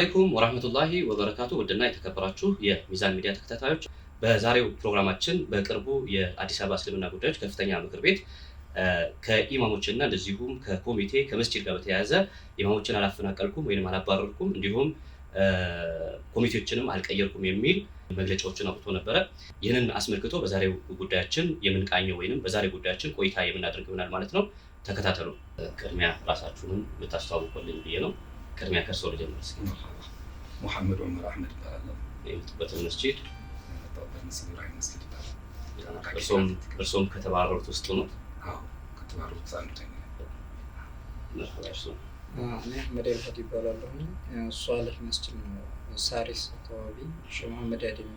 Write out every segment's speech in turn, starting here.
አሌይኩም ወራህመቱላሂ ወበረካቱ። ውድና የተከበራችሁ የሚዛን ሚዲያ ተከታታዮች በዛሬው ፕሮግራማችን በቅርቡ የአዲስ አበባ እስልምና ጉዳዮች ከፍተኛ ምክር ቤት ከኢማሞችና እንደዚሁም ከኮሚቴ ከመስጂድ ጋር በተያያዘ ኢማሞችን አላፈናቀልኩም ወይም አላባረርኩም እንዲሁም ኮሚቴዎችንም አልቀየርኩም የሚል መግለጫዎችን አውጥቶ ነበረ። ይህንን አስመልክቶ በዛሬው ጉዳያችን የምንቃኘው ወይም በዛሬው ጉዳያችን ቆይታ የምናደርግ ይሆናል ማለት ነው። ተከታተሉ። ቅድሚያ ራሳችሁንም ልታስተዋውቁልን ብዬ ነው። ቅድሚያ ከእርሶ ልጀምር። ሙሐመድ ዑመር አህመድ እባላለሁ። የመጡበት መስጂድ እርሶም ከተባረሩት ውስጥ ነው? ከተባረሩት አንዱ እኔ አህመድ አልሀዲ እባላለሁ። ሷልህ መስጂድ ነው ሳሪስ አካባቢ ሼህ መሐመድ አደም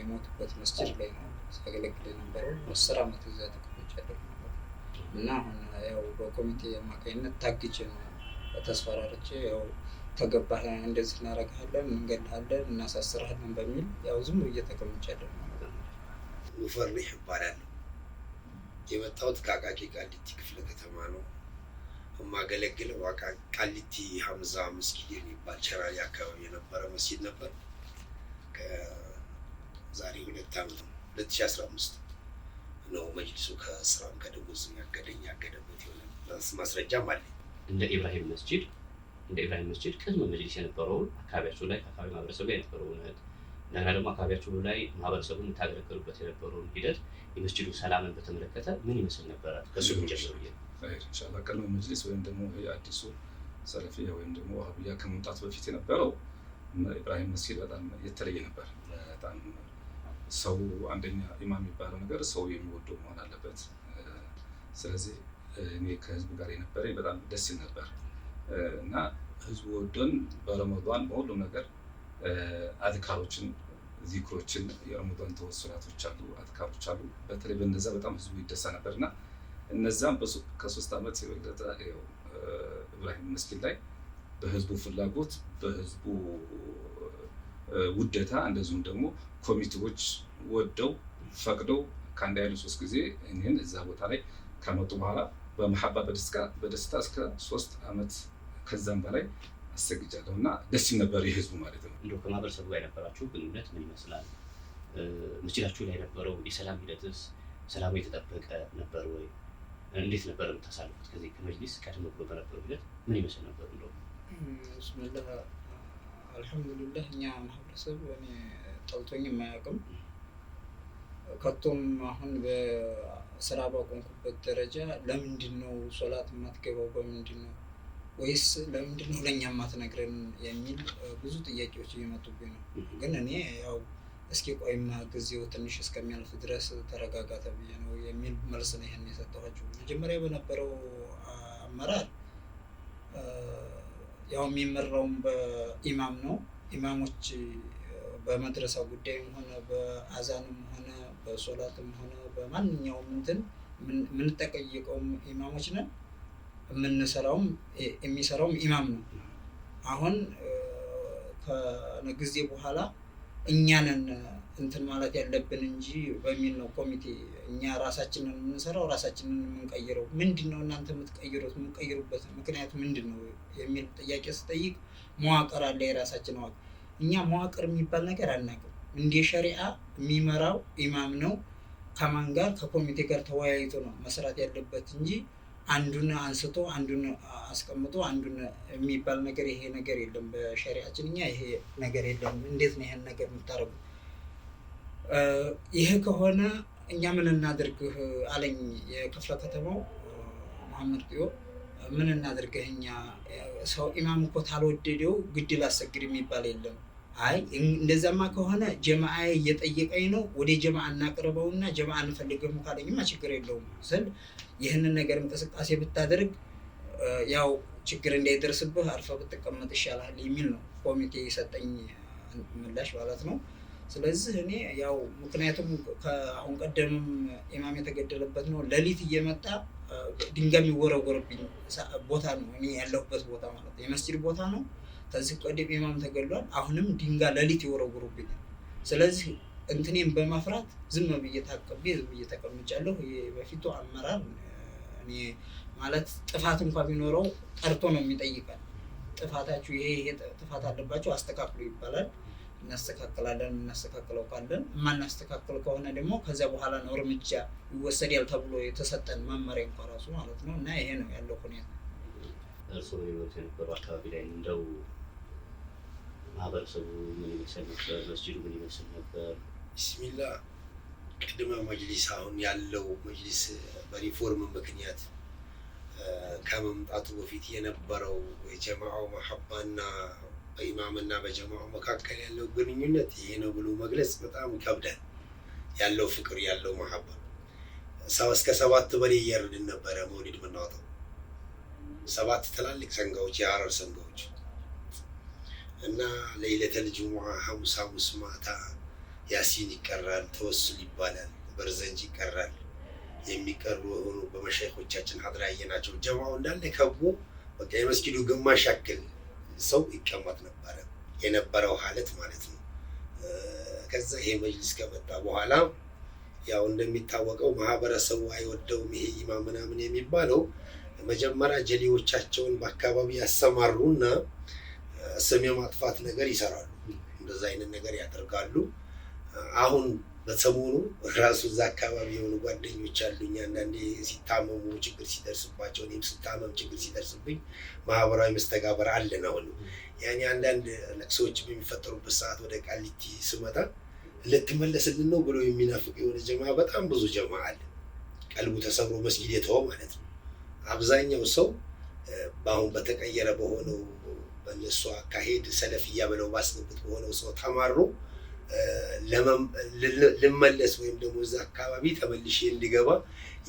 የሞቱበት መስጂድ ላይ ነው ሲያገለግል የነበረው አስር ዓመት እዛ ነበር እና አሁን ያው በኮሚቴ አማካኝነት ታግጄ ነው ተስፈራርቼ ያው ከገባህ እንደዚህ እናደርግሃለን፣ እንገድልሃለን፣ እናሳስርሃለን በሚል ያው ዝም ብዬ ተቀምጫለሁ ማለት ነው። ሙፈሪህ ይባላለሁ። የመጣሁት ከአቃቂ ቃሊቲ ክፍለ ከተማ ነው። የማገለግለው ቃሊቲ ሀምዛ መስጊድ የሚባል ቸራሪ አካባቢ የነበረ መስጊድ ነበር። ከዛሬ ሁለት ዓመት ሁለት ሺህ አስራ አምስት ነው መጅልሱ ከስራም ከደሞዝ ያገደኝ ያገደበት የሆነ ማስረጃም አለኝ። እንደ ኢብራሂም መስጂድ እንደ ኢብራሂም መስጂድ ቅድመ መጅሊስ የነበረውን አካባቢያቸው ላይ ከአካባቢ ማህበረሰብ ጋር የነበረውን እንደገና ደግሞ አካባቢያቸው ላይ ማህበረሰቡ የምታገለገሉበት የነበረውን ሂደት የመስጂዱ ሰላምን በተመለከተ ምን ይመስል ነበረ? ከሱ ጀምሩ። ኢንሻላ ቅድመ መጅሊስ ወይም ደግሞ አዲሱ ሰለፊያ ወይም ደግሞ ዋህብያ ከመምጣቱ በፊት የነበረው ኢብራሂም መስጊድ በጣም የተለየ ነበር። በጣም ሰው አንደኛ ኢማም የሚባለው ነገር ሰው የሚወደው መሆን አለበት። ስለዚህ እኔ ከህዝቡ ጋር የነበረ በጣም ደስ ይል ነበር እና ህዝቡ ወዶን በረመዷን በሁሉም ነገር አድካሮችን፣ ዚክሮችን የረመዷን ተወሱላቶች አሉ፣ አድካሮች አሉ። በተለይ በነዛ በጣም ህዝቡ ይደሳ ነበር እና እነዛም ከሶስት ዓመት የበለጠ እብራሂም መስጊድ ላይ በህዝቡ ፍላጎት በህዝቡ ውደታ እንደዚሁም ደግሞ ኮሚቴዎች ወደው ፈቅደው ከአንድ ያሉ ሶስት ጊዜ እኔን እዛ ቦታ ላይ ከመጡ በኋላ በመሐባ በደስታ እስከ ሶስት ዓመት ከዛም በላይ አሰግጃለሁ እና ደስ ይል ነበር የህዝቡ ማለት ነው። እንደው ከማህበረሰቡ ጋር የነበራችሁ ግንኙነት ምን ይመስላል? መስጂዳችሁ ላይ የነበረው የሰላም ሂደትስ ሰላሙ የተጠበቀ ነበር ወይ? እንዴት ነበር የምታሳልፉት? ከዚህ ከመጅሊስ ቀድሞ በነበረው ሂደት ምን ይመስል ነበር? እንደው ብስምላ አልሐምዱሊላህ እኛ ማህበረሰብ እኔ ጠልቶኝ የማያውቅም ከቶም አሁን ስራ ባቆምኩበት ደረጃ ለምንድን ነው ሶላት የማትገባው በምንድን ነው ወይስ ለምንድን ነው ለእኛ የማትነግረን የሚል ብዙ ጥያቄዎች እየመጡብኝ ነው። ግን እኔ ያው እስኪ ቆይማ ጊዜው ትንሽ እስከሚያልፍ ድረስ ተረጋጋ ተብዬ ነው የሚል መልስ ነው ይህን የሰጠኋቸው። መጀመሪያ በነበረው አመራር ያው የሚመራውም በኢማም ነው። ኢማሞች በመድረሳ ጉዳይም ሆነ በአዛንም ሆነ በሶላትም ሆነ በማንኛውም እንትን የምንጠቀይቀውም ኢማሞች ነን። የምንሰራውም የሚሰራውም ኢማም ነው። አሁን ከጊዜ በኋላ እኛንን እንትን ማለት ያለብን እንጂ በሚል ነው ኮሚቴ። እኛ ራሳችንን የምንሰራው ራሳችንን የምንቀይረው ምንድን ነው እናንተ የምትቀይሩት የምንቀይሩበት ምክንያት ምንድን ነው የሚል ጥያቄ ስጠይቅ መዋቅር አለ፣ የራሳችን መዋቅር። እኛ መዋቅር የሚባል ነገር አናውቅም። እንደ ሸሪአ የሚመራው ኢማም ነው። ከማን ጋር ከኮሚቴ ጋር ተወያይቶ ነው መስራት ያለበት እንጂ አንዱን አንስቶ አንዱን አስቀምጦ አንዱን የሚባል ነገር ይሄ ነገር የለም። በሸሪያችን እኛ ይሄ ነገር የለም። እንዴት ነው ይሄን ነገር የምታደርጉ? ይሄ ከሆነ እኛ ምን እናድርግህ አለኝ የክፍለ ከተማው መሐመድ ጥዮ። ምን እናድርግህ እኛ ሰው ኢማም እኮ ታልወደደው ግድል አሰግድ የሚባል የለም አይ እንደዛማ ከሆነ ጀማአ እየጠየቀኝ ነው፣ ወደ ጀማአ እናቅርበውና ጀማአ እንፈልገው ካለኝማ ችግር የለውም ስል ይህንን ነገር እንቅስቃሴ ብታደርግ ያው ችግር እንዳይደርስብህ አርፈ ብትቀመጥ ይሻላል የሚል ነው ኮሚቴ የሰጠኝ ምላሽ ማለት ነው። ስለዚህ እኔ ያው ምክንያቱም ከአሁን ቀደምም ኢማም የተገደለበት ነው። ሌሊት እየመጣ ድንጋይ የሚወረወርብኝ ቦታ ነው እኔ ያለሁበት ቦታ ማለት ነው፣ የመስጂድ ቦታ ነው። ከዚህ ቀደም ኢማም ተገሏል። አሁንም ድንጋይ ሌሊት ይወረውሩብኛል። ስለዚህ እንትኔም በመፍራት ዝም ብዬ ታቅቤ ዝም ብዬ ተቀምጫለሁ። በፊቱ አመራር እኔ ማለት ጥፋት እንኳ ቢኖረው ጠርቶ ነው የሚጠይቃል። ጥፋታችሁ ይሄ ይሄ ጥፋት አለባቸው አስተካክሉ ይባላል። እናስተካክላለን። እናስተካክለው ካለን የማናስተካክል ከሆነ ደግሞ ከዚያ በኋላ ነው እርምጃ ይወሰዳል ተብሎ የተሰጠን መመሪያ እንኳ ራሱ ማለት ነው። እና ይሄ ነው ያለው ሁኔታ እርስዎ የነበሩ አካባቢ ላይ እንደው ማህበረሰቡ ምን ይመስል ነበር? መስጅዱ ምን ይመስል ነበር? ቢስሚላ ቅድመ መጅሊስ አሁን ያለው መጅሊስ በሪፎርም ምክንያት ከመምጣቱ በፊት የነበረው የጀማዓው መሀባና በኢማምና በጀማው መካከል ያለው ግንኙነት ይሄ ነው ብሎ መግለጽ በጣም ይከብዳል። ያለው ፍቅር ያለው መሐባ ሰው እስከ ሰባት በላይ እያረድን ነበረ መውሊድ ምናወጣው ሰባት ትላልቅ ሰንጋዎች የሀረር ሰንጋዎች እና ለይለተ ልጅ ሐሙስ ሐሙስ ማታ ያሲን ይቀራል፣ ተወሱል ይባላል፣ በርዘንጅ ይቀራል። የሚቀሩ የሆኑ በመሻይኮቻችን ሀድራ ያየናቸው ጀማው እንዳለ ከቡ በቃ የመስጊዱ ግማሽ ያክል ሰው ይቀመጥ ነበረ፣ የነበረው ሀለት ማለት ነው። ከዛ ይሄ መጅሊስ ከመጣ በኋላ ያው እንደሚታወቀው ማህበረሰቡ አይወደውም። ይሄ ኢማም ምናምን የሚባለው መጀመሪያ ጀሌዎቻቸውን በአካባቢ ያሰማሩና ስም የማጥፋት ነገር ይሰራሉ። እንደዛ አይነት ነገር ያደርጋሉ። አሁን በሰሞኑ ራሱ እዛ አካባቢ የሆኑ ጓደኞች አሉኝ። አንዳንዴ ሲታመሙ ችግር ሲደርስባቸው፣ እኔም ስታመም ችግር ሲደርስብኝ ማህበራዊ መስተጋበር አለን። አሁን ያኔ አንዳንድ ለቅሶዎች በሚፈጠሩበት ሰዓት ወደ ቃሊቲ ስመጣ ልትመለስልን ነው ብሎ የሚናፍቅ የሆነ ጀማ በጣም ብዙ ጀማ አለ። ቀልቡ ተሰብሮ መስጊድ የተወ ማለት ነው። አብዛኛው ሰው በአሁን በተቀየረ በሆነው በእነሱ አካሄድ ሰለፍያ ብለው ባስንበት በሆነው ሰው ተማሮ ልመለስ ወይም ደግሞ እዛ አካባቢ ተመልሼ እንዲገባ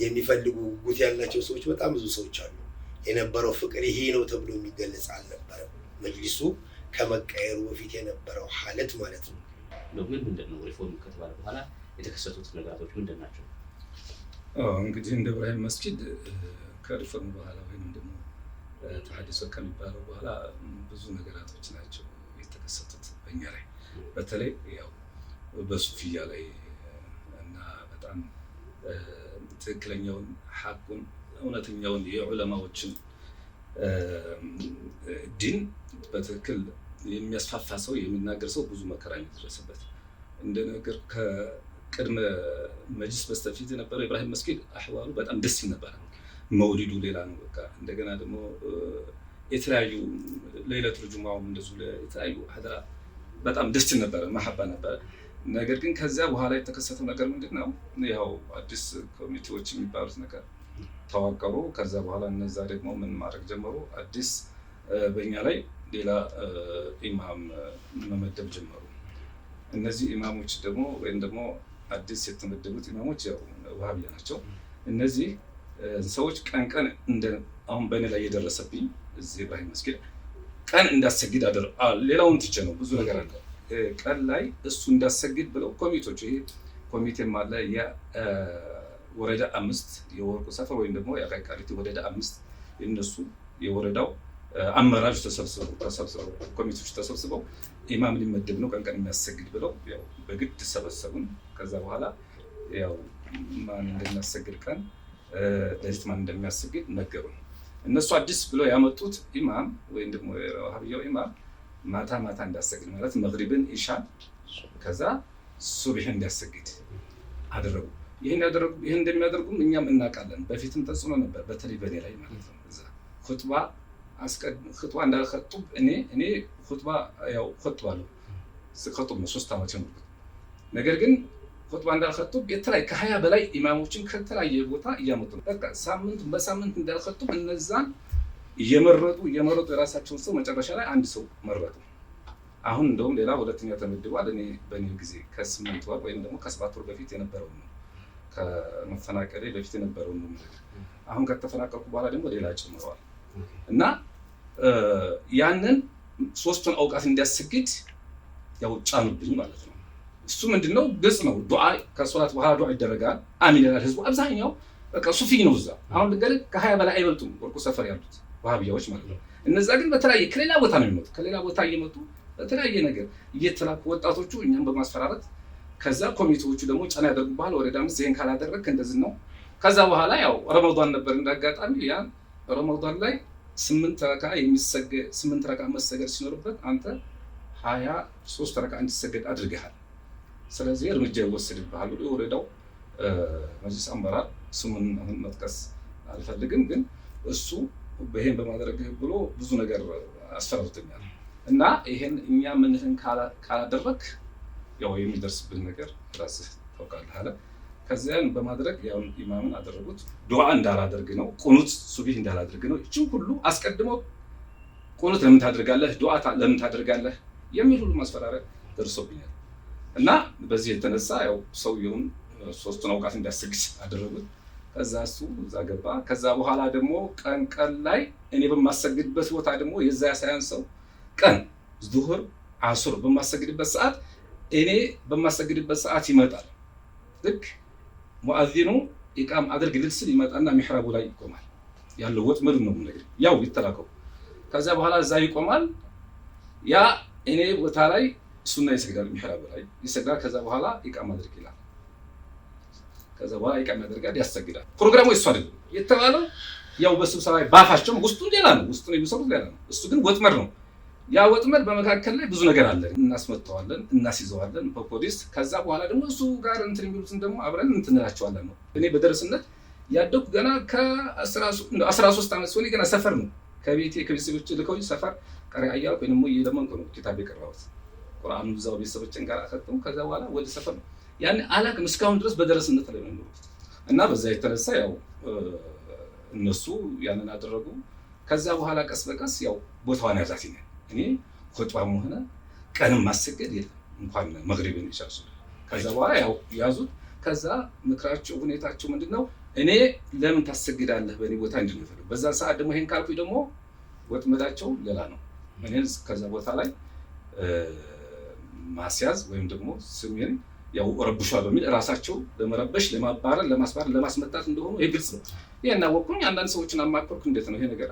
የሚፈልጉ ጉጉት ያላቸው ሰዎች በጣም ብዙ ሰዎች አሉ። የነበረው ፍቅር ይሄ ነው ተብሎ የሚገለጽ አልነበረም። መጅሊሱ ከመቀየሩ በፊት የነበረው ሀለት ማለት ነው። ምን ምንድን ነው ሪፎርም ከተባለ በኋላ የተከሰቱት ነገራቶች ምንድን ናቸው? እንግዲህ እንደ ብርሃን መስጊድ ከሪፎርም በኋላ ወይም ደግሞ ተሐድሶ ከሚባለው በኋላ ብዙ ነገራቶች ናቸው የተከሰቱት በኛ ላይ በተለይ ያው በሱፍያ ላይ እና በጣም ትክክለኛውን ሐቁን እውነተኛውን የዑለማዎችን ዲን በትክክል የሚያስፋፋ ሰው የሚናገር ሰው ብዙ መከራ የሚደረስበት እንደ ነገር ከቅድመ መጅስ በስተፊት የነበረው ኢብራሂም መስጊድ አህዋሉ በጣም ደስ ይል መውሊዱ ሌላ ነው። በቃ እንደገና ደግሞ የተለያዩ ለይለት ርጁማውም እንደዚሁ የተለያዩ ሀደራ በጣም ደስ ነበረ፣ መሀባ ነበረ። ነገር ግን ከዚያ በኋላ የተከሰተው ነገር ምንድን ነው? ያው አዲስ ኮሚቴዎች የሚባሉት ነገር ተዋቀሩ። ከዛ በኋላ እነዛ ደግሞ ምን ማድረግ ጀመሩ? አዲስ በእኛ ላይ ሌላ ኢማም መመደብ ጀመሩ። እነዚህ ኢማሞች ደግሞ ወይም ደግሞ አዲስ የተመደቡት ኢማሞች ያው ውሃብያ ናቸው እነዚህ ሰዎች ቀን ቀን አሁን በእኔ ላይ የደረሰብኝ እዚህ ባይ መስጊድ ቀን እንዳሰግድ አደር ሌላውን ትቼ ነው ብዙ ነገር አለ። ቀን ላይ እሱ እንዳሰግድ ብለው ኮሚቴዎች ይሄ ኮሚቴም አለ የወረዳ አምስት የወርቁ ሰፈር ወይም ደግሞ የአቃቂ ቃሊቲ ወረዳ አምስት የነሱ የወረዳው አመራጅ ተሰብስበው ተሰብስበው ኮሚቴዎች ተሰብስበው ኢማም ሊመደብ ነው ቀን ቀን የሚያሰግድ ብለው ያው በግድ ሰበሰቡን። ከዛ በኋላ ያው ማን እንደሚያሰግድ ቀን ለኢትማም እንደሚያሰግድ ነገሩ። እነሱ አዲስ ብለው ያመጡት ኢማም ወይም ደግሞ የወሃብያው ኢማም ማታ ማታ እንዳሰግድ ማለት መግሪብን፣ ኢሻን ከዛ ሱብሕ እንዲያሰግድ አደረጉ። ይህን እንደሚያደርጉም እኛም እናውቃለን። በፊትም ተጽዕኖ ነበር፣ በተለይ በኔ ላይ ማለት ነው። እዛ ኹጥባ ኹጥባ እኔ እኔ ኹጥባ ያው ኹጥባ ነው ሶስት ዓመት ነገር ግን ኹጥባ ቤት ላይ ከሀያ በላይ ኢማሞችን ከተለያየ ቦታ እያመጡ ነው። በቃ ሳምንት በሳምንት እንዳልከቱ እነዛን እየመረጡ እየመረጡ የራሳቸውን ሰው መጨረሻ ላይ አንድ ሰው መረጡ። አሁን እንደውም ሌላ ሁለተኛ ተመድቧል። እኔ በእኔ ጊዜ ከስምንት ወር ወይም ደግሞ ከሰባት ወር በፊት የነበረው ነው ከመፈናቀሌ በፊት የነበረው ነው። አሁን ከተፈናቀልኩ በኋላ ደግሞ ሌላ ጨምረዋል እና ያንን ሶስቱን አውቃት እንዲያስግድ ያው ጫኑብኝ ማለት ነው እሱ ምንድን ነው ግልጽ ነው። ዱዓ ከሶላት በኋላ ዱዓ ይደረጋል። አሚን ይላል ህዝቡ። አብዛኛው በቃ ሱፊ ነው እዛ አሁን ልገል ከሀያ በላይ አይበልጡም ወርቁ ሰፈር ያሉት ዋሃብያዎች ማለት ነው። እነዛ ግን በተለያየ ከሌላ ቦታ ነው የሚመጡ ከሌላ ቦታ እየመጡ በተለያየ ነገር እየተላኩ ወጣቶቹ እኛም በማስፈራረት ከዛ ኮሚቴዎቹ ደግሞ ጫና ያደርጉብሃል። ወረዳ ምስ ይህን ካላደረግ እንደዚህ ነው። ከዛ በኋላ ያው ረመዷን ነበር እንዳጋጣሚ ያ ረመዷን ላይ ስምንት ረካ የሚሰገድ ስምንት ረካ መሰገድ ሲኖርበት አንተ ሀያ ሶስት ረካ እንዲሰገድ አድርገሃል። ስለዚህ እርምጃ ይወስድብሃል ብሎ የወረዳው መጅልስ አመራር ስሙን አሁን መጥቀስ አልፈልግም፣ ግን እሱ ይሄን በማድረግህ ብሎ ብዙ ነገር አስፈራርቶኛል እና ይሄን እኛ ምንህን ካላደረግ ያው የሚደርስብህ ነገር ራስህ ታውቃለህ አለ። ከዚያን በማድረግ ያው ኢማምን አደረጉት። ዱዓ እንዳላደርግ ነው፣ ቁኑት ሱቢህ እንዳላደርግ ነው። እችን ሁሉ አስቀድሞ ቁኑት ለምን ታደርጋለህ? ዱዓ ለምን ታደርጋለህ? የሚል ሁሉ ማስፈራሪያ ደርሶብኛል። እና በዚህ የተነሳ ያው ሰውየውን ሶስቱን አውቃት እንዲያሰግድ አደረጉት። ከዛ እሱ እዛ ገባ። ከዛ በኋላ ደግሞ ቀን ቀን ላይ እኔ በማሰግድበት ቦታ ደግሞ የዛ ያሳያን ሰው ቀን ዙህር አሱር በማሰግድበት ሰዓት እኔ በማሰግድበት ሰዓት ይመጣል። ልክ ሙአዚኑ ኢቃም አድርግ ልል ስል ይመጣና ሚሕራቡ ላይ ይቆማል። ያለው ወጥመድ ነው ነገር ያው ይተላከው። ከዚያ በኋላ እዛ ይቆማል። ያ እኔ ቦታ ላይ ሱና ይሰግዳል። ሚሕራ በላይ ይሰግዳል። ከዛ በኋላ ኢቃ ማድረግ ይላል። ከዛ በኋላ ኢቃ ያደርጋል፣ ያሰግዳል። ፕሮግራሙ እሱ አይደለም የተባለው ያው በስብሰባ ባፋቸው ውስጡ ሌላ ነው፣ ውስጡ የሚሰሩት ሌላ ነው። እሱ ግን ወጥመድ ነው። ያ ወጥመድ በመካከል ላይ ብዙ ነገር አለ። እናስመጥተዋለን፣ እናስይዘዋለን በፖሊስ። ከዛ በኋላ ደግሞ እሱ ጋር እንትን የሚሉትን ደግሞ አብረን እንትንላቸዋለን ነው። እኔ በደረስነት ያደኩ ገና ከአስራ ሶስት ዓመት ሲሆን ገና ሰፈር ነው ከቤቴ ከቤተሰቦች ልከው ሰፈር ቀሪ አያልኩ ወይ ደግሞ እየለመንኩ ነው ኪታብ ቤ ቁርአኑ ብዛው ቤተሰቦችን ጋር አሰጥም። ከዛ በኋላ ወደ ሰፈር ነው ያን አላቅም። እስካሁን ድረስ በደረስነት ላይ ነው እና በዛ የተነሳ ያው እነሱ ያንን አደረጉ። ከዛ በኋላ ቀስ በቀስ ያው ቦታዋን ያዛት ይላል። እኔ ኮጥባም ሆነ ቀንም ማሰገድ የለም እንኳን መግሪብን ይቻሱ። ከዛ በኋላ ያው ያዙት። ከዛ ምክራቸው ሁኔታቸው ምንድን ነው? እኔ ለምን ታሰግዳለህ በእኔ ቦታ እንድንፈልግ። በዛ ሰዓት ደግሞ ይሄን ካልኩኝ ደግሞ ወጥመዳቸው ሌላ ነው። እኔ ከዛ ቦታ ላይ ማስያዝ ወይም ደግሞ ስሜን ያው ረብሿል በሚል እራሳቸው ለመረበሽ ለማባረር፣ ለማስባረር፣ ለማስመጣት እንደሆኑ ይህ ግልጽ ነው። ይህ እናወቅኩኝ አንዳንድ ሰዎችን አማከርኩ። እንዴት ነው ይሄ ነገር?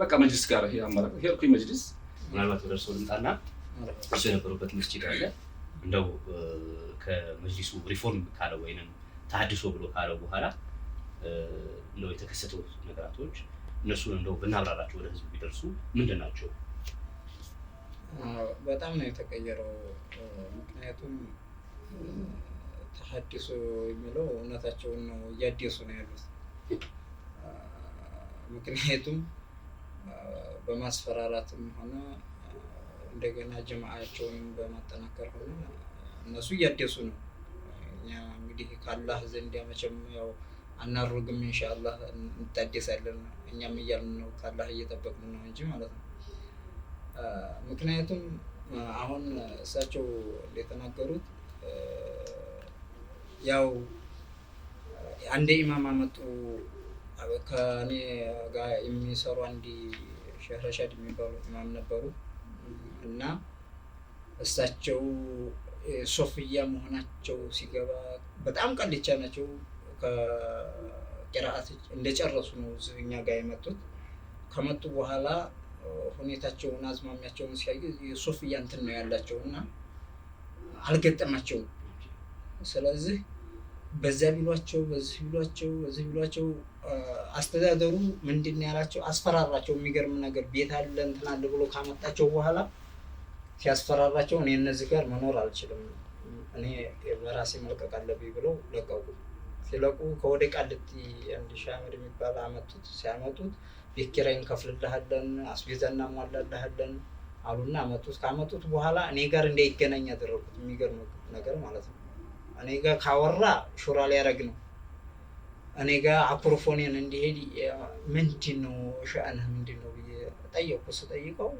በቃ መጅልስ ጋር ይሄ አማራ ሄድኩኝ መጅልስ ምናልባት ወደ እርሶ ልምጣና እርሶ የነበሩበት መስጂድ አለ እንደው ከመጅሊሱ ሪፎርም ካለው ወይንም ተሀድሶ ብሎ ካለው በኋላ እንደው የተከሰተው ነገራቶች እነሱን እንደው ብናብራራቸው ወደ ህዝብ ቢደርሱ ምንድን ናቸው? በጣም ነው የተቀየረው። ምክንያቱም ተሀድሶ የሚለው እውነታቸውን ነው እያደሱ ነው ያሉት። ምክንያቱም በማስፈራራትም ሆነ እንደገና ጀማአቸውን በማጠናከር ሆነ እነሱ እያደሱ ነው። እኛ እንግዲህ ከአላህ ዘንድ መቼም ያው አናሩግም፣ እንሻላህ እንታደሳለን። እኛም እያልን ነው፣ ከአላህ እየጠበቅን ነው እንጂ ማለት ነው ምክንያቱም አሁን እሳቸው እንደተናገሩት ያው አንድ ኢማም አመጡ። ከእኔ ጋር የሚሰሩ አንድ ሼህ ረሻድ የሚባሉ ኢማም ነበሩ እና እሳቸው ሶፍያ መሆናቸው ሲገባ በጣም ቀልቻ ናቸው። ከቂራአት እንደጨረሱ ነው እዚህ እኛ ጋር የመጡት። ከመጡ በኋላ ሁኔታቸውን አዝማሚያቸውን ሲያዩ ሱፍ እንትን ነው ያላቸው እና አልገጠማቸውም። ስለዚህ በዛ ቢሏቸው በዚህ ቢሏቸው በዚህ ቢሏቸው አስተዳደሩ ምንድን ያላቸው አስፈራራቸው። የሚገርም ነገር ቤት አለ እንትን አለ ብሎ ካመጣቸው በኋላ ሲያስፈራራቸው እኔ እነዚህ ጋር መኖር አልችልም እኔ በራሴ መልቀቅ አለብኝ ብለው ለቀቁ። ሲለቁ ከወደ ቃሊቲ አንድ ሺህ አመድ የሚባል አመጡት። ሲያመጡት ቤት ኪራይ እንከፍልልሃለን፣ አስቤዛ እናሟላልሃለን አሉና አመጡት። ካመጡት በኋላ እኔ ጋር እንዳይገናኝ ያደረጉት የሚገርም ነገር ማለት ነው። እኔ ጋር ካወራ ሹራ ሊያደርግ ነው። እኔ ጋር አኩርፎኔን እንዲሄድ ምንድን ነው ሸአንህ ምንድን ነው ብዬ ጠየቁ። ስጠይቀው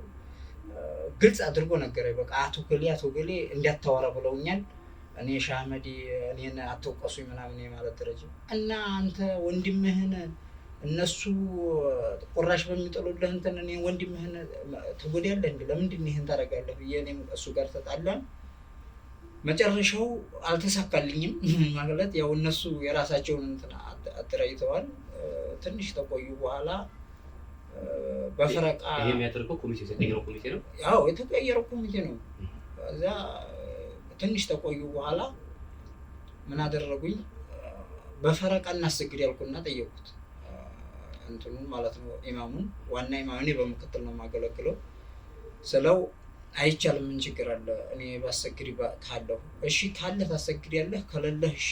ግልጽ አድርጎ ነገረኝ። በቃ አቶ ገሌ አቶ ገሌ እንዳታወራ ብለውኛል እኔ ሻህመዲ እኔን አትወቀሱኝ ምናምን የማለት ደረጃ እና አንተ ወንድምህን እነሱ ቁራሽ በሚጥሉልህ እንትን እኔ ወንድምህን ትጎዳለህ እንዲ ለምንድን ይህን ታደርጋለህ ብዬ እኔም እሱ ጋር ተጣላን። መጨረሻው አልተሳካልኝም ማለት ያው እነሱ የራሳቸውን እንትን አደራጅተዋል። ትንሽ ተቆዩ በኋላ በፈረቃ የሚያደርገው ኮሚቴ ነው ያው የተቀየረው ኮሚቴ ነው እዛ ትንሽ ተቆዩ በኋላ ምን አደረጉኝ? በፈረቃ እናስግድ ያልኩና ጠየቁት። እንትኑን ማለት ነው ኢማሙን፣ ዋና ኢማም እኔ በምክትል ነው የማገለግለው ስለው አይቻልም፣ ምን ችግር አለ? እኔ ባሰግድ ካለሁ እሺ፣ ካለ ታሰግድ ያለህ፣ ከሌለህ እሺ፣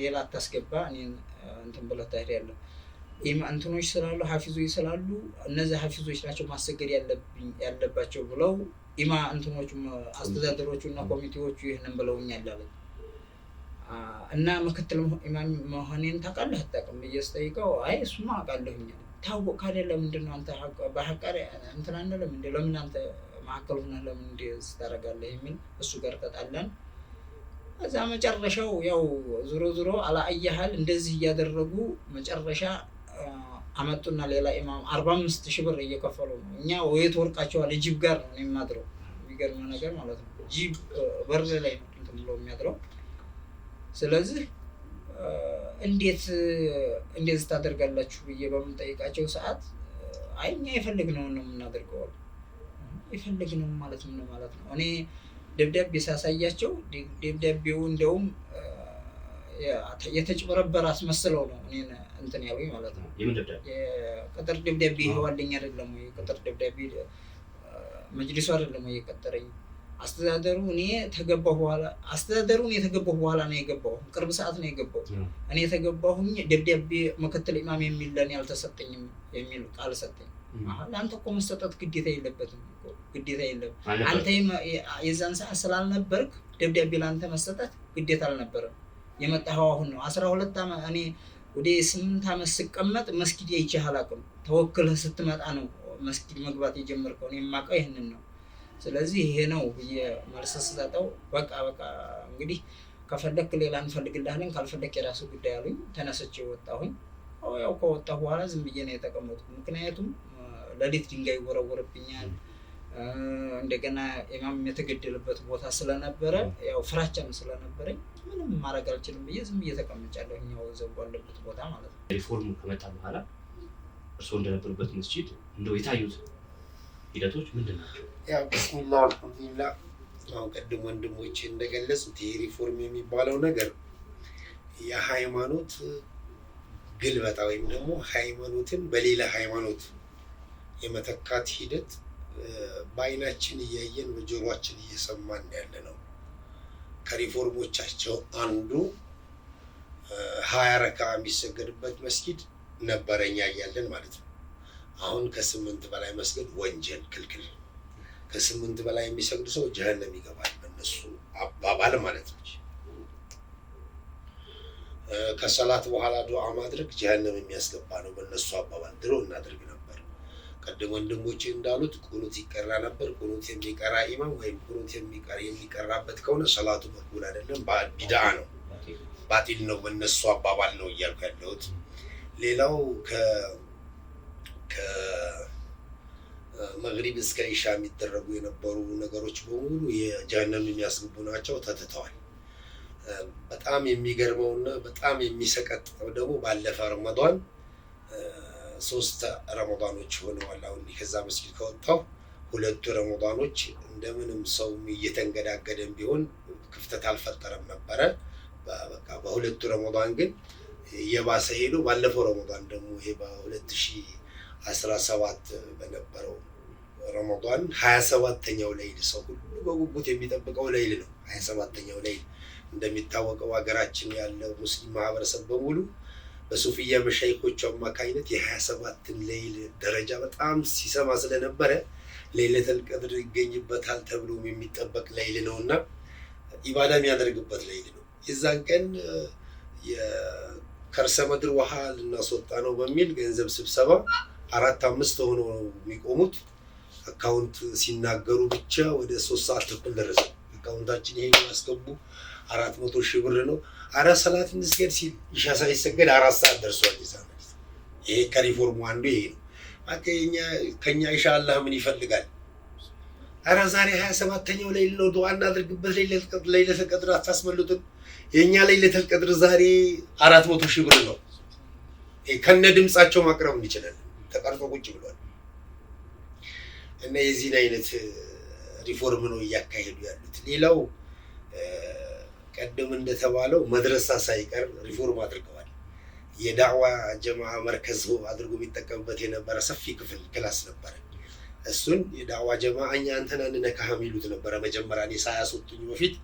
ሌላ አታስገባ፣ እኔን እንትን ብለህ ታሄድ ያለህ እንትኖች ስላሉ ሀፊዞች ስላሉ እነዚህ ሀፊዞች ናቸው ማሰገድ ያለባቸው ብለው ኢማ እንትኖቹም አስተዳደሮቹ እና ኮሚቴዎቹ ይህንን ብለውኛል አለ እና ምክትል ኢማም መሆኔን ታውቃለህ አታውቅም ብዬ ስጠይቀው አይ እሱማ አውቃለሁኝ ታወቅ ካደለ ምንድን ነው አንተ በሀቃሪ እንትናነ ለምን ለምን አንተ መካከል ሆነህ ለምን እንዲ ስታደርጋለህ የሚል እሱ ጋር ተጣላን። እዛ መጨረሻው ያው ዞሮ ዞሮ አላአያህል እንደዚህ እያደረጉ መጨረሻ አመጡና ሌላ ኢማም አርባ አምስት ሺህ ብር እየከፈሉ ነው። እኛ ወየት ወርቃቸዋል ጂብ ጋር ነው የማድረው። የሚገርመ ነገር ማለት ነው ጅብ በር ላይ ነው ብሎ የሚያድረው። ስለዚህ እንዴት እንዴት ታደርጋላችሁ ብዬ በምንጠይቃቸው ሰዓት አይ እኛ የፈለግነውን ነው የምናደርገው። የፈለግነውን ማለት ምን ማለት ነው? እኔ ደብዳቤ ሳሳያቸው ደብዳቤው እንደውም የተጭበረበረ አስመስለው ነው እኔ እንትን ያሉኝ ማለት ነው። የቅጥር ደብዳቤ ይኸዋልኝ አይደለም ወይ? ቅጥር ደብዳቤ መጅሊሱ አይደለም ወይ የቀጠረኝ? አስተዳደሩ እኔ ተገባሁ በኋላ አስተዳደሩ እኔ ተገባሁ በኋላ ነው የገባሁ፣ ቅርብ ሰዓት ነው የገባሁ። እኔ የተገባሁኝ ደብዳቤ ምክትል ኢማም የሚል ለእኔ አልተሰጠኝም የሚል ቃል ሰጠኝ። ለአንተ እኮ መሰጠት ግዴታ የለበትም ግዴታ የለም። አንተ የዛን ሰዓት ስላልነበርክ ደብዳቤ ለአንተ መሰጠት ግዴታ አልነበረም። የመጣኸው አሁን ነው አስራ ሁለት እኔ ወደ ስምንት ዓመት ስቀመጥ መስጊድ አይቼ አላውቅም። ተወክለህ ስትመጣ ነው መስጊድ መግባት የጀመርከው። እኔ የማውቀው ይህንን ነው። ስለዚህ ይሄ ነው ብዬ መልስ ስሰጠው በቃ በቃ እንግዲህ ከፈለክ ሌላ እንፈልግልሃለን፣ ካልፈለክ የራሱ ጉዳይ አሉኝ። ተነስቼ ወጣሁኝ። ያው ከወጣሁ በኋላ ዝም ብዬ ነው የተቀመጥኩ። ምክንያቱም ሌሊት ድንጋይ ይወረወርብኛል። እንደገና ኢማም የተገደልበት ቦታ ስለነበረ ያው ፍራቻም ስለነበረኝ ምንም ማድረግ አልችልም ብዬ ዝም እየተቀመጫለሁ። እኛው ዘቡ አለበት ቦታ ማለት ነው። ሪፎርም ከመጣ በኋላ እርስዎ እንደነበሩበት መስጂድ እንደው የታዩት ሂደቶች ምንድን ናቸው? ያው ብስሚላ አልሐምዱሊላ። አሁን ቅድም ወንድሞች እንደገለጹት ይህ ሪፎርም የሚባለው ነገር የሃይማኖት ግልበጣ ወይም ደግሞ ሃይማኖትን በሌላ ሃይማኖት የመተካት ሂደት በአይናችን እያየን በጆሮአችን እየሰማን ያለ ነው። ከሪፎርሞቻቸው አንዱ ሀያ ረካ የሚሰገድበት መስጊድ ነበረኛ እያለን ማለት ነው። አሁን ከስምንት በላይ መስገድ ወንጀል ክልክል፣ ከስምንት በላይ የሚሰግድ ሰው ጀሀነም ይገባል በነሱ አባባል ማለት ነው። ከሰላት በኋላ ዱዓ ማድረግ ጀሀነም የሚያስገባ ነው በነሱ አባባል። ድሮ እናድርግ ቀደም ወንድሞቼ እንዳሉት ቁኑት ይቀራ ነበር። ቁኑት የሚቀራ ኢማም ወይም ቁኑት የሚቀራበት ከሆነ ሰላቱ መቅቡል አይደለም፣ ቢድዓ ነው፣ ባጢል ነው፣ በነሱ አባባል ነው እያልኩ ያለሁት። ሌላው ከመግሪብ እስከ ኢሻ የሚደረጉ የነበሩ ነገሮች በሙሉ የጀሃነም የሚያስገቡ ናቸው፣ ተትተዋል። በጣም የሚገርመውና በጣም የሚሰቀጥጠው ደግሞ ባለፈ ረመዷን ሶስት ረመዳኖች ሆነዋል። አሁን ከዛ መስጊድ ከወጣው ሁለቱ ረመዳኖች እንደምንም ሰው እየተንገዳገደን ቢሆን ክፍተት አልፈጠረም ነበረ። በቃ በሁለቱ ረመዳን ግን የባሰ ሄዶ ባለፈው ረመዳን ደግሞ ይሄ በ2017 በነበረው ረመዳን ሀያ ሰባተኛው ለይል ሰው ሁሉ በጉጉት የሚጠብቀው ለይል ነው። ሀያ ለይል እንደሚታወቀው ሀገራችን ያለው ሙስሊም ማህበረሰብ በሙሉ በሱፍያ መሻይኮቹ አማካኝነት የ27ን ሌይል ደረጃ በጣም ሲሰማ ስለነበረ ሌይለተል ቀድር ይገኝበታል ተብሎ የሚጠበቅ ሌይል ነው እና ኢባዳ የሚያደርግበት ሌይል ነው። የዛን ቀን የከርሰ ምድር ውሃ ልናስወጣ ነው በሚል ገንዘብ ስብሰባ አራት አምስት ሆነው የሚቆሙት አካውንት ሲናገሩ ብቻ ወደ ሶስት ሰዓት ተኩል ደረሰ። አካውንታችን ይሄ ያስገቡ አራት መቶ ሺህ ብር ነው። አራት ሰላት እንስገድ ሲል ኢሻ ሳይሰገድ አራት ሰዓት ደርሷል። ይሄ ከሪፎርሙ አንዱ ይሄ ነው። ከኛ ይሻ አላህ ምን ይፈልጋል? አረ ዛሬ ሀያ ሰባተኛው ላይ ነው ዱዓ እናድርግበት። ለይለተል ቀድር አታስመልጡን። የእኛ ለይለተል ቀድር ዛሬ አራት መቶ ሺህ ብር ነው። ከነ ድምፃቸው ማቅረብ እንችላለን። ተቀርጾ ቁጭ ብሏል። እና የዚህን አይነት ሪፎርም ነው እያካሄዱ ያሉት። ሌላው ቀደም እንደተባለው መድረሳ ሳይቀር ሪፎርም አድርገዋል። የዳዕዋ ጀማ መርከዝ አድርጎ የሚጠቀምበት የነበረ ሰፊ ክፍል ክላስ ነበረ። እሱን የዳዕዋ ጀማ እኛ አንተን አንነካህም ይሉት ነበረ። መጀመሪያ እኔ ሳያስወጡኝ በፊት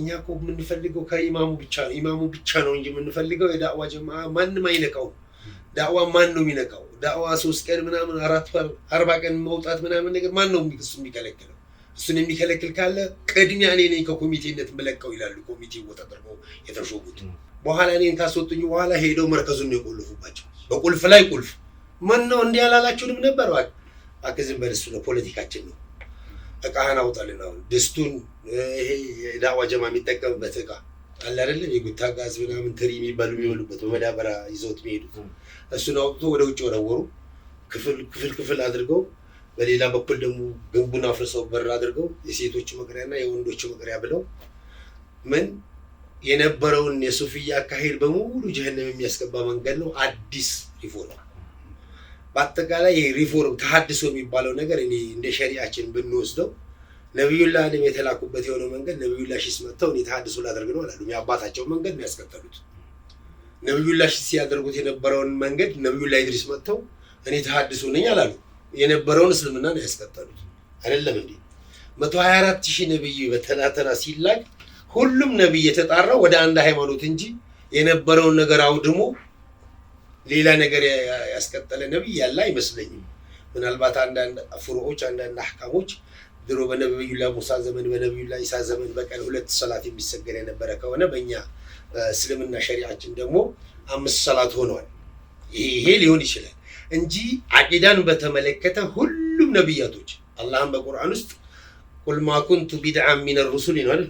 እኛ እኮ የምንፈልገው ከኢማሙ ብቻ ነው፣ ኢማሙ ብቻ ነው እንጂ የምንፈልገው የዳዕዋ ጀማ ማንም አይነቃው። ዳዕዋ ማን ነው የሚነቃው? ዳዕዋ ሶስት ቀን ምናምን አራት አርባ ቀን መውጣት ምናምን ነገር ማን ነው የሚከለክለው? እሱን የሚከለክል ካለ ቅድሚያ እኔ ነኝ ከኮሚቴነት መለቀው ይላሉ። ኮሚቴ ቦታ ተደርገው የተሾሙት በኋላ እኔን ካስወጡኝ በኋላ ሄደው መርከዙን ነው የቆለፉባቸው። በቁልፍ ላይ ቁልፍ ምን ነው እንዲህ ያላላችሁንም ነበር አክዝም በልሱ ነው ፖለቲካችን ነው። እቃህን አውጣልን። አሁን ድስቱን ይሄ የዳዋ ጀማ የሚጠቀምበት እቃ አለ አይደለም፣ የጉታ ጋዝ ምናምን ትሪ የሚባሉ የሚበሉበት በመዳበሪያ ይዘውት የሚሄዱት እሱን አውጥቶ ወደ ውጭ ወረወሩ። ክፍል ክፍል ክፍል አድርገው በሌላ በኩል ደግሞ ግንቡን አፍርሰው በር አድርገው የሴቶች መግሪያ እና የወንዶች መግሪያ ብለው ምን የነበረውን የሱፍያ አካሄድ በሙሉ ጀህነም የሚያስገባ መንገድ ነው። አዲስ ሪፎርም፣ በአጠቃላይ ይህ ሪፎርም ተሀድሶ የሚባለው ነገር እኔ እንደ ሸሪያችን ብንወስደው ነቢዩላ አለም የተላኩበት የሆነው መንገድ ነቢዩላ ሺስ መጥተው እኔ ተሀድሶ ላደርግ ነው አላሉ። የአባታቸው መንገድ ነው ያስከተሉት። ነቢዩላ ሺስ ሲያደርጉት የነበረውን መንገድ ነቢዩላ ኢድሪስ መጥተው እኔ ተሀድሶ ነኝ አላሉ። የነበረውን እስልምና ነው ያስቀጠሉት። አይደለም እንዴ? መቶ ሀያ አራት ሺህ ነብይ በተናተና ሲላክ ሁሉም ነብይ የተጣራው ወደ አንድ ሃይማኖት እንጂ የነበረውን ነገር አውድሞ ሌላ ነገር ያስቀጠለ ነብይ ያለ አይመስለኝም። ምናልባት አንዳንድ ፍሩዖች፣ አንዳንድ አሕካሞች ድሮ በነቢዩላ ሙሳ ዘመን በነቢዩላ ኢሳ ዘመን በቀን ሁለት ሰላት የሚሰገድ የነበረ ከሆነ በእኛ እስልምና ሸሪዓችን ደግሞ አምስት ሰላት ሆነዋል። ይሄ ሊሆን ይችላል። እንጂ አቂዳን በተመለከተ ሁሉም ነቢያቶች አላህም በቁርአን ውስጥ ቁልማ ኩንቱ ቢድዓን ሚነ ሩሱል ነው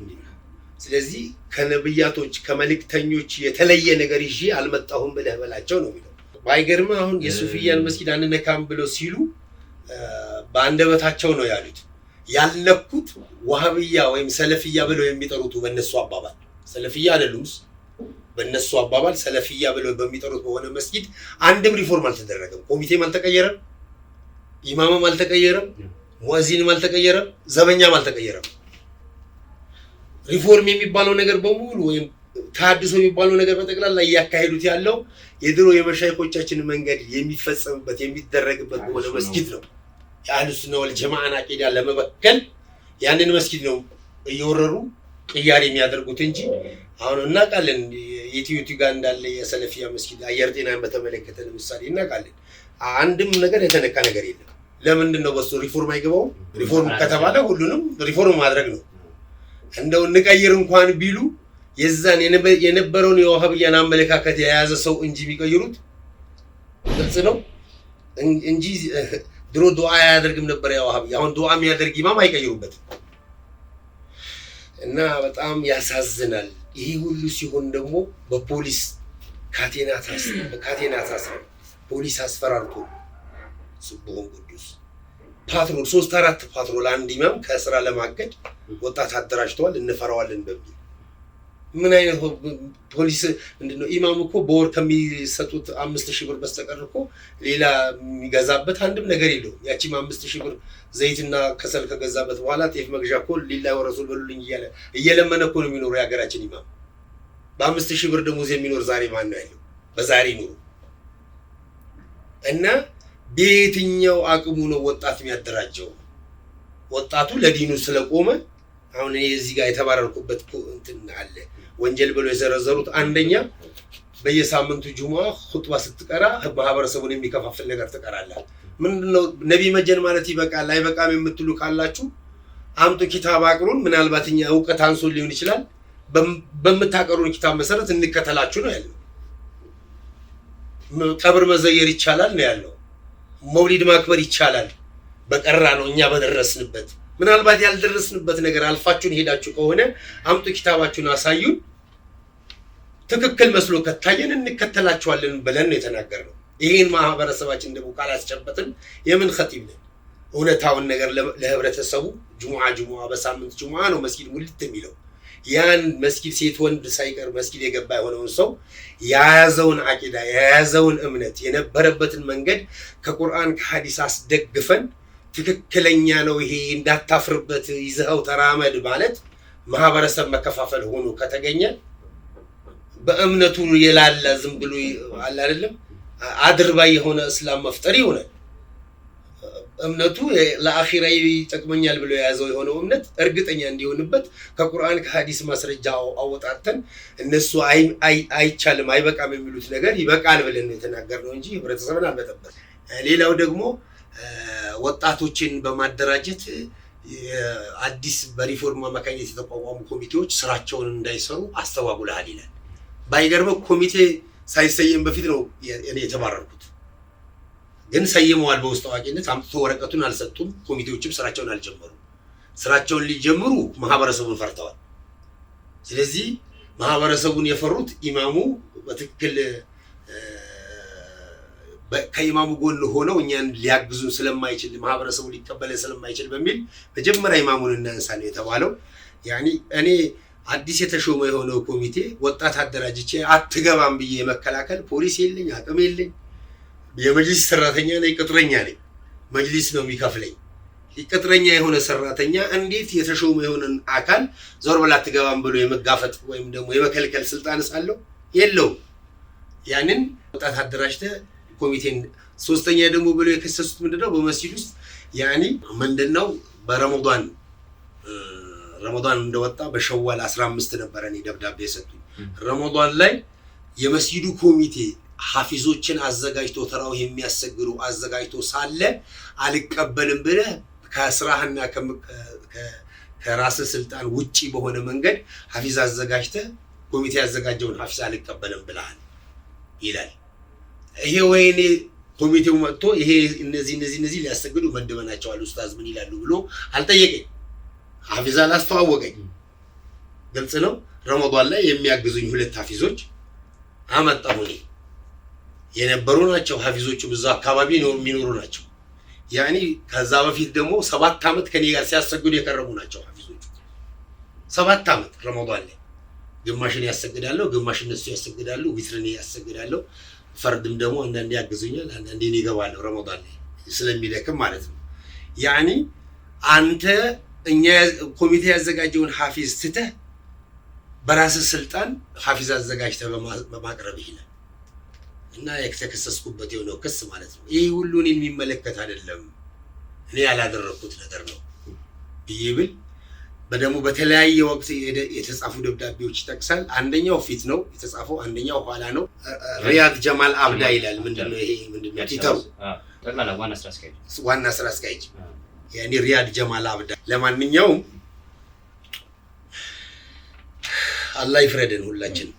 ስለዚህ ከነብያቶች ከመልእክተኞች የተለየ ነገር ይዤ አልመጣሁም ብለህ በላቸው ነው የሚለው። ባይገርም አሁን የሱፍያን መስጊድ አንነካም ብለው ሲሉ በአንደበታቸው ነው ያሉት። ያለኩት ዋህብያ ወይም ሰለፍያ ብለው የሚጠሩት በእነሱ አባባል ሰለፍያ አይደሉምስ በእነሱ አባባል ሰለፊያ ብለው በሚጠሩት በሆነ መስጊድ አንድም ሪፎርም አልተደረገም። ኮሚቴም አልተቀየረም፣ ኢማምም አልተቀየረም፣ ሙዋዚንም አልተቀየረም፣ ዘበኛም አልተቀየረም። ሪፎርም የሚባለው ነገር በሙሉ ወይም ተሐድሶ የሚባለው ነገር በጠቅላላ እያካሄዱት ያለው የድሮ የመሻይኮቻችን መንገድ የሚፈጸምበት የሚደረግበት በሆነ መስጊድ ነው። የአህልሱና ወልጀማዓን አቂዳ ለመበከል ያንን መስጊድ ነው እየወረሩ ቅያሬ የሚያደርጉት እንጂ አሁን እናውቃለን የቲዩቲ ጋር እንዳለ የሰለፊያ መስጊድ አየር ጤናን በተመለከተ ለምሳሌ እናውቃለን። አንድም ነገር የተነካ ነገር የለም። ለምንድን ነው በሱ ሪፎርም አይገባውም? ሪፎርም ከተባለ ሁሉንም ሪፎርም ማድረግ ነው። እንደው እንቀይር እንኳን ቢሉ የዛን የነበረውን የዋሃብያን አመለካከት የያዘ ሰው እንጂ የሚቀይሩት ግልጽ ነው እንጂ ድሮ ዱዓ አያደርግም ነበር የዋሃብያ። አሁን ዱዓ የሚያደርግ ኢማም አይቀይሩበትም። እና በጣም ያሳዝናል። ይሄ ሁሉ ሲሆን ደግሞ በፖሊስ ካቴና ታስረ ፖሊስ አስፈራርቶ ስቡሆን ቅዱስ ፓትሮል ሶስት አራት ፓትሮል አንድ ኢማም ከስራ ለማገድ ወጣት አደራጅተዋል እንፈራዋለን በሚል ምን አይነት ፖሊስ ምንድነው? ኢማም እኮ በወር ከሚሰጡት አምስት ሺህ ብር በስተቀር እኮ ሌላ የሚገዛበት አንድም ነገር የለውም። ያቺም አምስት ሺህ ብር ዘይትና ከሰል ከገዛበት በኋላ ጤፍ መግዣ እኮ ሊላ ወረሱል በሉልኝ እያለ እየለመነ እኮ ነው የሚኖሩ የሀገራችን ኢማም። በአምስት ሺህ ብር ደሞዝ የሚኖር ዛሬ ማን ያለው? በዛሬ ኑሩ እና በየትኛው አቅሙ ነው ወጣት የሚያደራጀው? ወጣቱ ለዲኑ ስለቆመ አሁን እዚህ ጋር የተባረርኩበት እንትን አለ። ወንጀል ብሎ የዘረዘሩት አንደኛ በየሳምንቱ ጁማ ሁጥባ ስትቀራ ማህበረሰቡን የሚከፋፍል ነገር ትቀራለህ። ምንድነው ነቢ መጀን ማለት ይበቃል አይበቃም የምትሉ ካላችሁ አምጡ ኪታብ አቅሩን። ምናልባት እኛ እውቀት አንሶ ሊሆን ይችላል። በምታቀሩን ኪታብ መሰረት እንከተላችሁ ነው ያለው። ቀብር መዘየር ይቻላል ነው ያለው። መውሊድ ማክበር ይቻላል በቀራ ነው እኛ በደረስንበት። ምናልባት ያልደረስንበት ነገር አልፋችሁን ሄዳችሁ ከሆነ አምጡ ኪታባችሁን አሳዩን። ትክክል መስሎ ከታየን እንከተላቸዋለን ብለን ነው የተናገርነው። ይህን ማህበረሰባችን ደግሞ ካላስጨበጥን የምን ኸጢብ ነን? እውነታውን ነገር ለህብረተሰቡ ጅሙዓ ጅሙዓ በሳምንት ጅሙዓ ነው መስጊድ ሙልት የሚለው ያን መስጊድ ሴት ወንድ ሳይቀር መስጊድ የገባ የሆነውን ሰው የያዘውን አቂዳ የያዘውን እምነት የነበረበትን መንገድ ከቁርአን ከሀዲስ አስደግፈን ትክክለኛ ነው ይሄ እንዳታፍርበት ይዘኸው ተራመድ ማለት ማህበረሰብ መከፋፈል ሆኖ ከተገኘ በእምነቱ የላላ ዝም ብሎ አለ አይደለም አድርባይ የሆነ እስላም መፍጠር ይሆናል። እምነቱ ለአኺራ ይጠቅመኛል ብሎ የያዘው የሆነው እምነት እርግጠኛ እንዲሆንበት ከቁርአን ከሀዲስ ማስረጃ አወጣተን እነሱ አይቻልም አይበቃም የሚሉት ነገር ይበቃል ብለን የተናገርነው እንጂ ህብረተሰብን አልመጠበት። ሌላው ደግሞ ወጣቶችን በማደራጀት አዲስ በሪፎርም አማካኝነት የተቋቋሙ ኮሚቴዎች ስራቸውን እንዳይሰሩ አስተጓጉለሃል ይላል። ባይገርመው ኮሚቴ ሳይሰየም በፊት ነው የተባረርኩት። ግን ሰይመዋል በውስጥ አዋቂነት አምጥቶ ወረቀቱን አልሰጡም። ኮሚቴዎችም ስራቸውን አልጀመሩ። ስራቸውን ሊጀምሩ ማህበረሰቡን ፈርተዋል። ስለዚህ ማህበረሰቡን የፈሩት ኢማሙ በትክክል ከኢማሙ ጎን ሆነው እኛን ሊያግዙን ስለማይችል ማህበረሰቡ ሊቀበለን ስለማይችል በሚል መጀመሪያ ኢማሙን እናንሳ ነው የተባለው ያኔ እኔ አዲስ የተሾመ የሆነው ኮሚቴ ወጣት አደራጅቼ አትገባም ብዬ የመከላከል ፖሊስ የለኝ፣ አቅም የለኝ። የመጅሊስ ሰራተኛ ነኝ፣ ቅጥረኛ ነኝ። መጅሊስ ነው የሚከፍለኝ። ቅጥረኛ የሆነ ሰራተኛ እንዴት የተሾመ የሆነን አካል ዞር ብላ አትገባም ብሎ የመጋፈጥ ወይም ደግሞ የመከልከል ስልጣን ሳለው የለውም። ያንን ወጣት አደራጅተ ኮሚቴን ሶስተኛ ደግሞ ብሎ የከሰሱት ምንድነው በመስጂድ ውስጥ ያኔ ምንድነው በረመዷን ረመዷን እንደወጣ በሸዋል አስራ አምስት ነበረ እኔ ደብዳቤ የሰጡኝ። ረመዷን ላይ የመስጂዱ ኮሚቴ ሀፊዞችን አዘጋጅቶ ተራው የሚያሰግዱ አዘጋጅቶ ሳለ አልቀበልም ብለህ ከስራህና ከራስ ስልጣን ውጪ በሆነ መንገድ ሀፊዝ አዘጋጅተህ ኮሚቴ ያዘጋጀውን ሀፊዝ አልቀበልም ብለሃል ይላል። ይሄ ወይኔ ኮሚቴው መጥቶ ይሄ እነዚህ እነዚህ እነዚህ ሊያሰግዱ መድበናቸዋል ኡስታዝ ምን ይላሉ ብሎ አልጠየቀኝ። ሀፊዝ አላስተዋወቀኝ። ግልጽ ነው። ረመዷን ላይ የሚያግዙኝ ሁለት ሀፊዞች አመጣሁ። እኔ የነበሩ ናቸው። ሀፊዞቹ ብዙ አካባቢ የሚኖሩ ናቸው። ያኔ ከዛ በፊት ደግሞ ሰባት ዓመት ከኔ ጋር ሲያሰግዱ የቀረቡ ናቸው ሀፊዞቹ። ሰባት ዓመት ረመዷን ላይ ግማሽን ያሰግዳለሁ፣ ግማሽ እነሱ ያሰግዳሉ፣ ዊትርን ያሰግዳለሁ። ፈርድም ደግሞ አንዳንዴ ያግዙኛል፣ አንዳንዴ እኔ እገባለሁ። ረመዷን ላይ ስለሚደክም ማለት ነው። ያኔ አንተ እኛ ኮሚቴ ያዘጋጀውን ሀፊዝ ትተህ በራስ ስልጣን ሀፊዝ አዘጋጅተህ በማቅረብ ይላል እና የተከሰስኩበት የሆነው ክስ ማለት ነው። ይህ ሁሉ እኔን የሚመለከት አይደለም እኔ ያላደረግኩት ነገር ነው ብዬ ብል በደግሞ በተለያየ ወቅት የተጻፉ ደብዳቤዎች ይጠቅሳል። አንደኛው ፊት ነው የተጻፈው፣ አንደኛው ኋላ ነው። ሪያድ ጀማል አብዳ ይላል። ምንድነው ይሄ? ምንድነው ቲተሩ? ዋና ስራ አስኪያጅ የኔ ሪያድ ጀማል አብዳ። ለማንኛውም አላህ ይፍረድን ሁላችን።